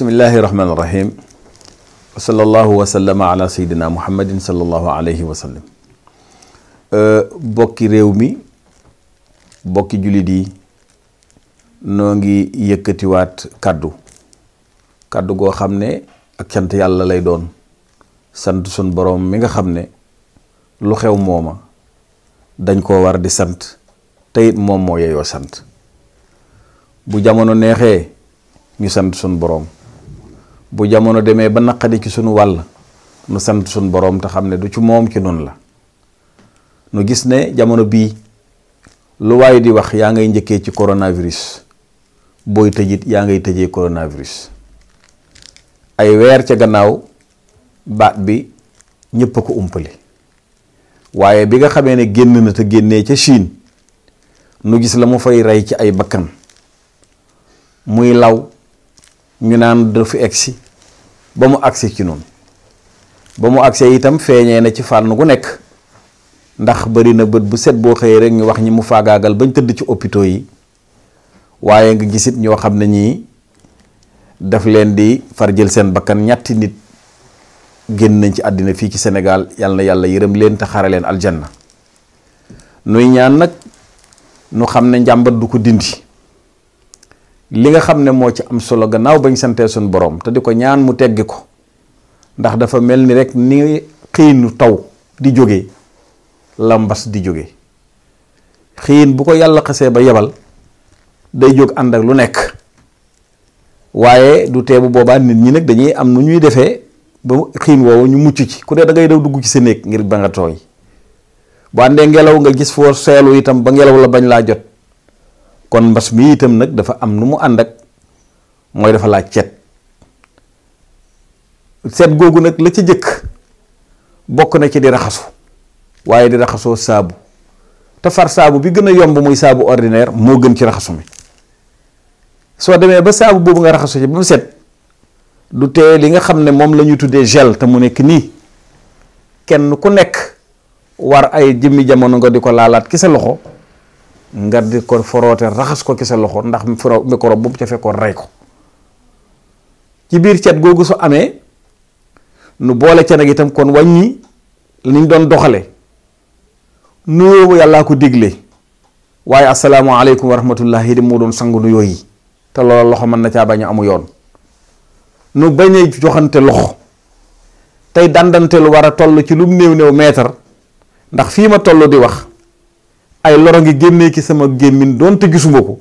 bismillahi rahmaani rahim wa sallallahu wa sallama ala sayyidina muhammadin sallallahu alayhi wa sallam euh, bokki réew mi bokki jullit yi noo ngi yëkkatiwaat kàddu kàddu goo xam ne ak cant yàlla lay doon sant sun boroom mi nga xam ne lu xew mooma dañ koo war di sant teyit moom moo yeyoo sant bu jamono neexee ñu sant sun boroom bu jamono demee ba naqadi ci sunu wàll nu sant sunu boroom te xam ne du ci moom ci nun la nu gis ne jamono bii lu waaye di wax yaa ngay njëkkee ci coronavirus booy tëjit yaa ngay tëjee coronavirus ay weer ca gannaaw baat bi ñépp a ko umpale waaye bi nga xamee ne génn na te génnee ca Chine nu gis la mu fay rey ci ay bakkan muy law ñu naan dafa egsi ba mu agsi ci noonu ba mu agsee itam feeñee na ci fànn gu nekk ndax bari na bët bu set boo xëyee rek ñu wax ñi mu faagaagal bañ tëdd ci opito yi waaye nga gisit ñoo xam ne ñii daf leen di far jël seen bakkan ñetti nit génn nañ ci àddina fii ci Sénégal yàlla na yàlla yërëm leen te xare leen aljanna nuy ñaan nag nu xam ne njàmbat du ko dindi li nga xam ne moo ci am solo gannaaw bañ santee suñu borom te di ko ñaan mu teggi ko ndax dafa mel ni rek ni xiinu taw di jóge làmbas di jóge xiin bu ko yàlla xasee ba yebal day jóg ànd ak lu nekk waaye du teebu boobaa nit ñi nag dañuy am nu ñuy defee ba xiin woowu ñu mucc ci ku dee da ngay daw dugg ci sa néeg ngir ba nga tooy bu àndee ngelaw nga gis foo seelu itam ba ngelaw la bañ laa jot kon mbas mi itam nag dafa am lu mu ànd ak mooy dafa laaj cet set googu nag la ca jëkk bokk na ci di raxasu waaye di raxasoo saabu te far saabu bi gën a yomb muy saabu ordinaire moo gën ci raxasu mi soo demee ba saabu boobu nga raxasu ci ba mu set du tee li nga xam ne moom la tuddee gel te mu nekk nii kenn ku nekk war ay jëmmi jamono nga di ko laalaat ki sa loxo nga di ko foroote raxas ko ci sa loxo ndax microbe bu mu ca fekkoon rey ko ci biir cet googu su amee nu boole ca nag itam kon wàññi niñ doon doxale nuyoo yàllaa ko digle waaye asalaamaaleykum wa rahmatullah yi di moo doon sangu nuyoo yi te loolu loxo mën na caa bañ a amu yoon nu bañ a joxante loxo tey dandante lu war a toll ci lu mu néew néew meetar ndax fii ma toll di wax ay loro ngi génnee ki sama gémmin doonte gisuma ko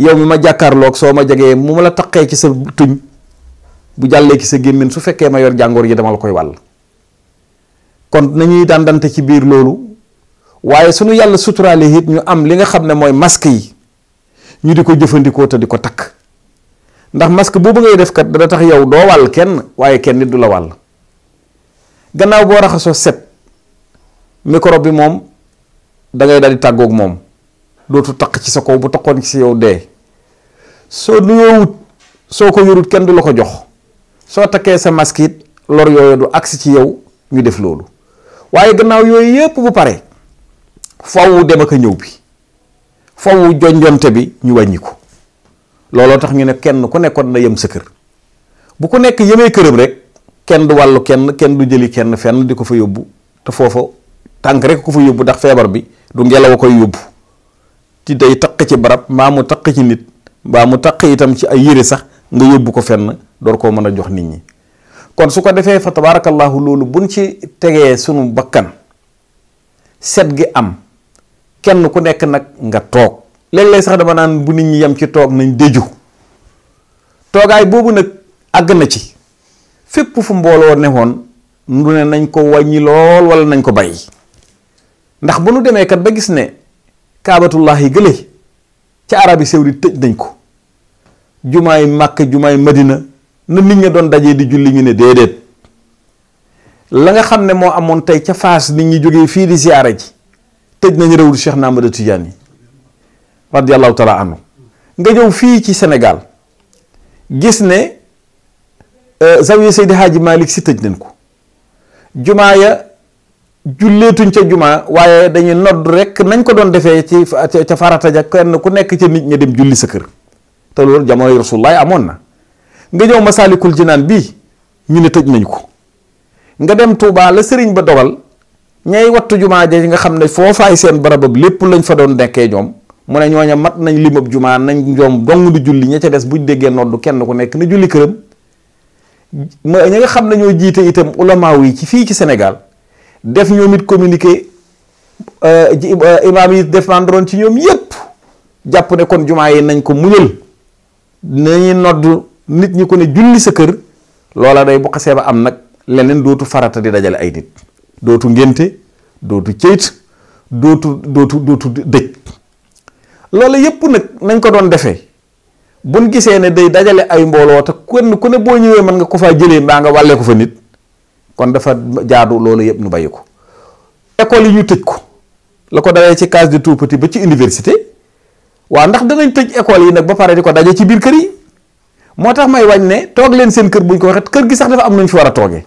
yow mi ma jàkkaarloog soo ma jegee mu ma la takkee ci sa tuñ bu jàllee ki sa gémmiñ su fekkee ma yor jàngoor ji dama la koy wàll kon ñuy daan dante ci biir loolu waaye suñu yàlla suturaale it ñu am li nga xam ne mooy masque yi ñu di ko jëfandikoo te di ko takk ndax masque boobu ngay def kat dana tax yow doo wàll kenn waaye kenn nit du la wàll gannaaw boo raxasoo set microbe bi moom da ngay daal di tàggook moom dootu taq ci sa kow bu taqoon ci yow dee soo nuyoowut soo ko yorut kenn du la ko jox soo takkee sa masque it lor yooyu du agsi ci yow ñu def loolu waaye gannaaw yooyu yépp bu pare fawwu dem ak ñëw bi fawwu jonjonte bi ñu wàññi ko looloo tax ñu ne kenn ku nekkoon na yem sa kër bu ku nekk yemee këram rek kenn du wàllu kenn kenn du jëli kenn fenn di ko fa yóbbu te foofu tànk rek ko fa yóbbu ndax feebar bi du ngelaw koy yóbbu ci day taq ci barab mbaa mu taq ci nit mbaa mu taq itam ci ay yére sax nga yóbbu ko fenn door koo mën a jox nit ñi kon su ko defee fa tabaarakallaahu loolu buñ ci tegee sunu bakkan set gi am kenn ku nekk nag nga toog léeg sax dama naan bu nit ñi yem ci toog nañ déju toogaay boobu nag àgg na ci fépp fu mbooloo newoon nu ne nañ ko wàññi lool walla nañ ko bàyyi ndax bu nu demee kat ba gis ne kaabatullahi yi gële ci arabi saudi tëj nañ ko jumaay màkk jumaay madina na nit ña doon dajee di julli ñu ne déedéet la nga xam ne moo amoon tey ca faas nit ñi jógee fii di ziyaara ji tëj nañ réewul Cheikh na Ahmada Tidiane yi radiallahu taala anhu nga ñëw fii ci senegal gis ne euh, zawiya Seydi Hadji Malick si tëj nañ ko jumaa ya julleetuñ ca jumaa waaye dañuy nodd rek nañ ko doon defee ci ca farata ja kenn ku nekk ca nit ña dem julli sa kër te loolu jamonoy rasulullaay amoon na nga ñëw masaalikul jinaan bii ñu ne tëj nañ ko nga dem Touba la sëriñ ba dogal ñay wattu jumaa ja nga xam ne foofaay seen barabab lépp lañ fa doon nekkee ñoom mu ne ñooña mat nañ limab jumaa nañ ñoom dong di julli ña ca des buñ déggee noddu kenn ku nekk na julli këram ma ñi nga xam ne ñoo jiite itam ulamaaw yi ci fii ci senegal def ñoom it communiqué euh, euh, imaam yi défendre woon ci ñoom yépp jàpp ne kon jumaa yi nañ ko muñal nañuy nodd nit ñi ko ne julli sa kër loola day bu xasee ba am nag leneen dootu farata di dajale ay nit dootu ngénte dootu cëyt dootu dootu dootu dëj loola yépp nag nañ ko doon defee buñ gisee ne day dajale ay mbooloo te kenn ku ne boo ñëwee mën nga ko faa jëlee mbaa nga wàllee ko fa nit kon dafa jaadu loolu yëpp ñu bàyyi ko école yi ñu tëj ko la ko dawee ci case de tout petit ba ci université waa ndax danañ tëj école yi nag ba pare di ko daje ci biir kër yi moo tax may wàññi ne toog leen seen kër buñ ko waxee kër gi sax dafa am nañ fi war a toogee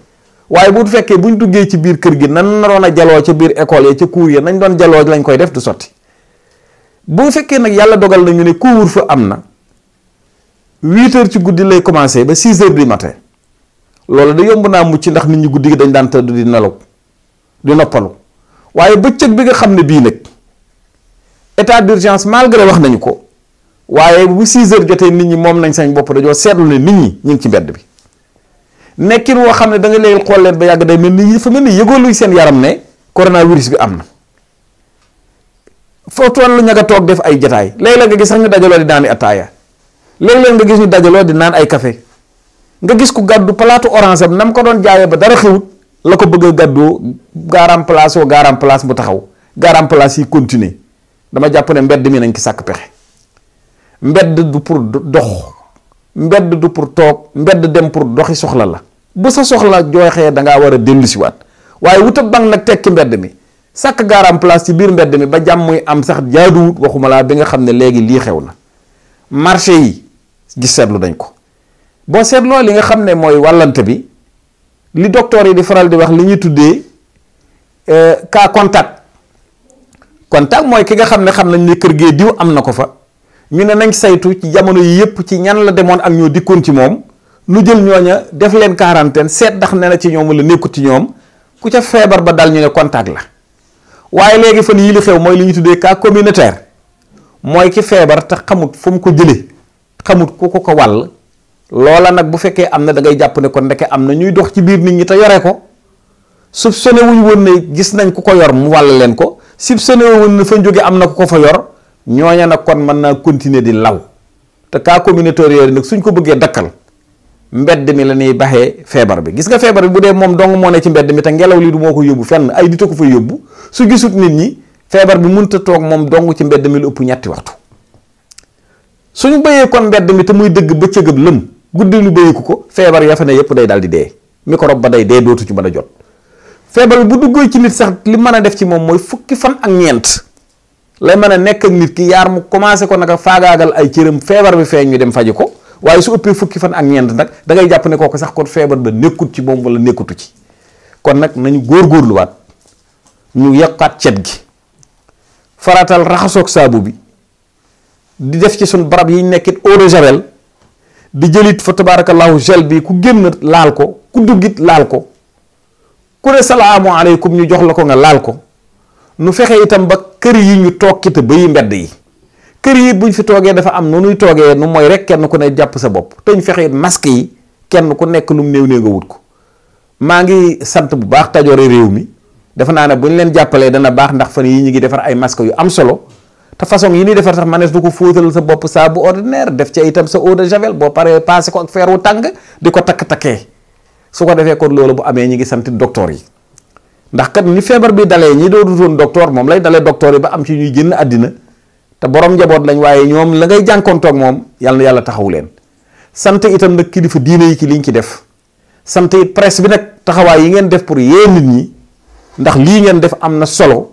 waaye bu fekkee buñ duggee ci biir kër gi nan naroon a jaloo ca biir école ya ca cours ya nañ doon jaloo lañ koy def du sotti bu fekkee nag yàlla dogal nañu ne couvre-feu am na huit heures ci guddi commencé ba six heures du loolu da yomb naa mucc ndax nit ñi guddi gi dañ daan tëdd di nelaw di noppalu waaye bëccëg bi nga xam ne bii nag état d'urgence malgré wax nañu ko waaye bu 6 heures jotee nit ñi moom nañ sañ bopp dañoo seetlu ne nit ñi ñu ngi ci mbedd bi nekkin woo xam ne da nga léegi xool leen ba yàgg day mel ni dafa mel ni yëgoo luy seen yaram ne coronavirus bi am na foo toll ña nga toog def ay jataay léeg-léeg nga gis sax ñu dajaloo di naan ataaya léeg-léeg nga gis ñu dajaloo di naan ay kafe nga gis ko gàddu palaatu orange am na mu ko doon jaayee ba dara xewut la ko bëgg a gàddoo gaaraam place oo gaaraam bu taxaw gaaraam yi continuer dama jàpp ne mbedd mi nañ ki sàkk pexe mbedd du pour dox mbedd du pour toog mbedd dem pour doxi soxla la bu sa soxla jooxee da ngaa war a dellusiwaat waaye wuta ban nag tekki mbedd mi sàkk gaaraam place ci biir mbedd mi ba jàmm muy am sax jaaduwut waxuma laa bi nga xam ne léegi lii xew na marché yi gis seetlu dañ ko boo seetloo li nga xam ne mooy wàllante bi li docteur yi di faral di wax li ñuy tuddee euh, cas contact contact mooy ki nga xam ne xam nañ ne kër gee diw am na ko fa ñu ne nañ saytu ci jamono yii yépp ci ñan la demoon ak ñoo dikkoon ci moom nu jël ñooña def leen quarantaine seet ndax ne na ci ñoom la nekkut ci ñoom ku ca feebar ba dal ñu ne contact la waaye léegi fan yii li xew mooy li ñu tuddee kaa communautaire mooy ki feebar te xamut fu mu ko jëlee xamut ku ko ko loola nag bu fekkee am na da ngay jàpp ne kon ndeke am na ñuy dox ci biir nit ñi te yore ko soupçonné wuñ woon ne gis nañ ku ko yor mu wàll leen ko soupçonné woon ne fa jóge am na ku ko fa yor ñooña nag kon mën naa continuer di law te cas communautaire yooyu nag suñ ko bëggee dakkal mbedd mi la ñuy baxee feebar bi gis nga feebar bu dee moom dong moo ne ci mbedd mi te ngelaw li du moo ko yóbbu fenn ay nit ko fa yóbbu su gisut nit ñi feebar bi mënut a toog moom dong ci mbedd mi lu ëpp ñetti waxtu suñu béyee kon mbedd mi te muy dëgg bëccëg ab lëm guddi lu béyeeku ko feebar ya fa ne yëpp day daal di dee microbe ba day dee dootu ci mën a jot feebar bu duggoo ci nit sax li mën a def ci moom mooy fukki fan ak ñeent lay mën a nekk ak nit ki yaar mu commencé ko naka faagaagal ay cëram feebar bi feeñ ñu dem faji ko waaye su ëppee fukki fan ak ñeent nag da ngay jàpp ne kooku sax kon feebar ba nekkut ci moom wala nekkutu ci kon nag nañu góor góorgóorluwaat ñu yokkaat cet gi faratal raxasoog saabu bi di def ci suñ barab yi nekkit eau di jëlit fa tabaarakallaahu gel bi ku génn laal ko ku duggit laal ko ku ne salaamu aleykum ñu jox la ko nga laal ko nu fexe itam ba kër yi ñu toog kite ba yi mbedd yi kër yi buñ fi toogee dafa am nu nuy toogee nu mooy rek kenn ku ne jàpp sa bopp te ñu fexe masque yi kenn ku nekk lu mu néew néew nga wut ko maa ngi sant bu baax tajoore réew mi dafa naa ne bu ñu leen jàppalee dana baax ndax fan yi ñu ngi defar ay masque yu am solo te façon yi ñuy defar sax manees du ko fóotal sa bopp saa bu ordinaire def ci itam sa eau de javel boo paree passé ko ak fer wu tàng di ko takk-takkee su ko defee kon loolu bu amee ñi ngi sant docteur yi ndax kat ni feebar bi dalee ñi doo dutoon docteur moom lay dalee docteur yi ba am ci ñuy génn àddina te borom njaboot lañ waaye ñoom la ngay jànkoontoog moom yàlla yàlla taxawu leen sant itam nag kilifa diine yi ci liñ ci def sant it presse bi nag taxawaay yi ngeen def pour yee nit ñi ndax lii ngeen def am na solo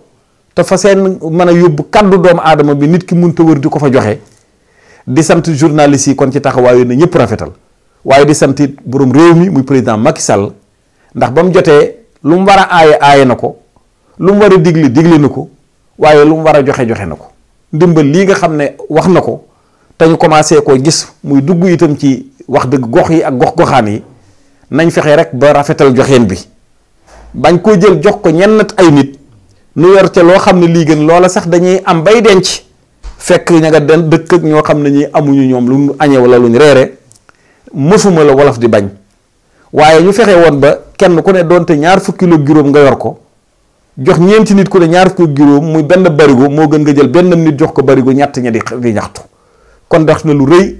te fa seen mën a yóbbu kaddu doomu aadama bi nit ki munta wër di ko fa joxe di sant journaliste yi kon ci taxawaayu na ñëpp rafetal waaye di sant it borom réew mi muy président Macky Sall ndax ba mu jotee lu mu war a aaye aaye na ko lu mu war a digli digli na ko waaye lu mu war a joxe joxe na ko ndimbal lii nga xam ne wax na ko te ñu commencé koo gis muy dugg itam ci wax dëgg gox yi ak gox goxaan yi nañ fexe rek ba rafetal joxeen bi bañ koo jël jox ko ñenn ay nit. nu yor ca loo xam ne lii gën loola sax dañuy am bay denc fekk ña nga den dëkk ñoo xam ne ñi amuñu ñoom lu ñu añee wala lu ñu reere mësuma la wolof di bañ waaye ñu fexe woon ba kenn ku ne doonte ñaar fukki kilo juróom nga yor ko jox ñeenti nit ku ne ñaar fukki juróom muy benn barigo moo gën nga jël benn nit jox ko barigo ñett ña di di ñaxtu kon def na lu rëy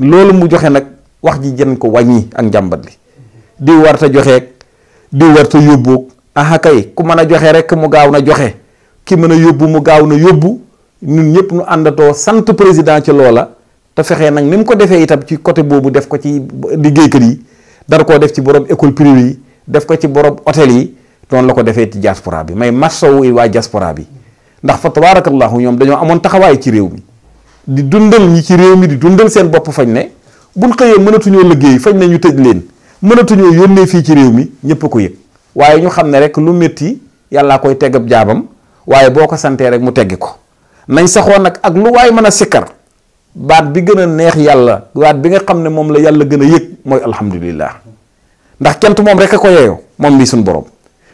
loolu mu joxe nag wax ji jën ko wàññi ak njàmbat li diw warta joxeeg diw warta yóbboog aha kay ku mën a joxe rek mu gaaw na joxe ki mën a yóbbu mu gaaw na yóbbu ñun ñëpp ñu àndatoo sant président ci loola te fexe nag ni mu ko defee itam ci côté boobu def ko ci liggéeykat yi dara koo def ci borom école privée yi def ko ci borom hôtel yi noonu la ko defee ci diaspora bi may masawu waa diaspora bi ndax fa tabaarakallahu ñoom dañoo amoon taxawaay ci réew mi di dundal ñi ci réew mi di dundal seen bopp fañ ne buñ xëyee mënatuñoo liggéey fañ ne ñu tëj leen mënatuñoo yónnee fii ci réew mi ñëpp ko yëg. waaye ñu xam ne rek lu métti yàllaa koy teggab jaabam waaye boo ko santee rek mu teggi ko nañ saxoo nag ak lu waay mën a sikkar baat bi gën a neex yàlla baat bi nga xam ne moom la yàlla gën a yëg mooy alhamdulillah ndax kent moom rek a ko yeeyoo moom bii suñu borom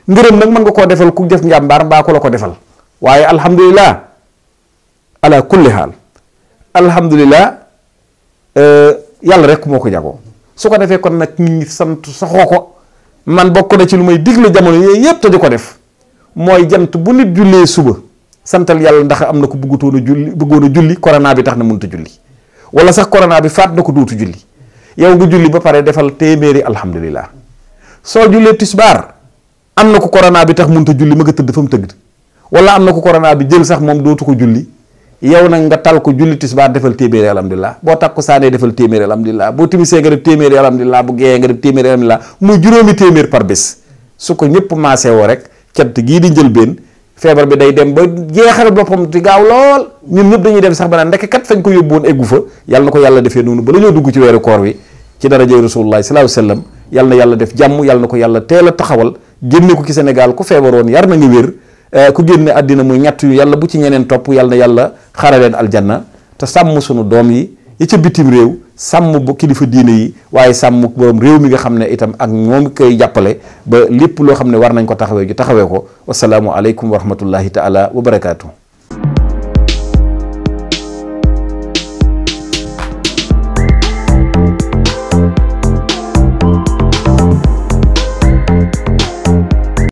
ngërëm nag mën nga koo defal ku def njàmbaar mbaa ku la ko defal waaye alhamdulillah ala kulli haal alhamdulillah euh, yàlla rek moo ko jagoo su ko defee kon nag nit sant saxoo ko. man bokk na ci lu may digle jamono yooyu yëpp te ko def mooy jant bu nit jullee suba santal yàlla ndax am na ko bëggutoon julli bëggoon a julli corona bi tax na mënut a julli wala sax corona bi faat na ko dootu julli yow nga julli ba pare defal téeméeri alhamdulilah soo jullee tisbaar am na ko corona bi tax mun ta julli ma nga tëdd fa mu tëgg wala am na ko corona bi jël sax moom dootu ko julli. yow nag nga tal ko julli tisbaar defal téeméeri alhamdulilah boo takkusaanee defal téeméer téeméeri alhamdulilah boo timisee nga def téeméeri alhamdulilah bu géeyee nga def téeméeri alhamdulilah muy juróomi téeméer par bés su ko ñëpp maasee woo rek cant gii di njëlbeen feebar bi day dem ba jeexal boppam ti gaaw lool ñun ñëpp dañuy dem sax ba naan ndekk kat fañ ko yóbbu woon eggu fa yàlla na ko yàlla defee noonu ba la ñoo dugg ci weeru koor wi ci darajay rasulullah sallallahu alayhi wasallam yàlla yàlla def jàmm yàlla ko yàlla teel a taxawal génne ko ci Sénégal ku feebaroon yar na nga wér Eh, ku génne àddina muy ñett yu yàlla bu ci ñeneen topp yàlla na yàlla xaraleen aljanna te sàmm sunu doom yi yi ca bitim réew sàmm bu kilifa diina yi waaye sàmm borom réew mi nga xam ne itam ak ñoom koy jàppale ba lépp loo xam ne war nañ ko taxawee ju taxawee ko wasalaamu aleykum wa rahmatullahi taala wa barakaatu.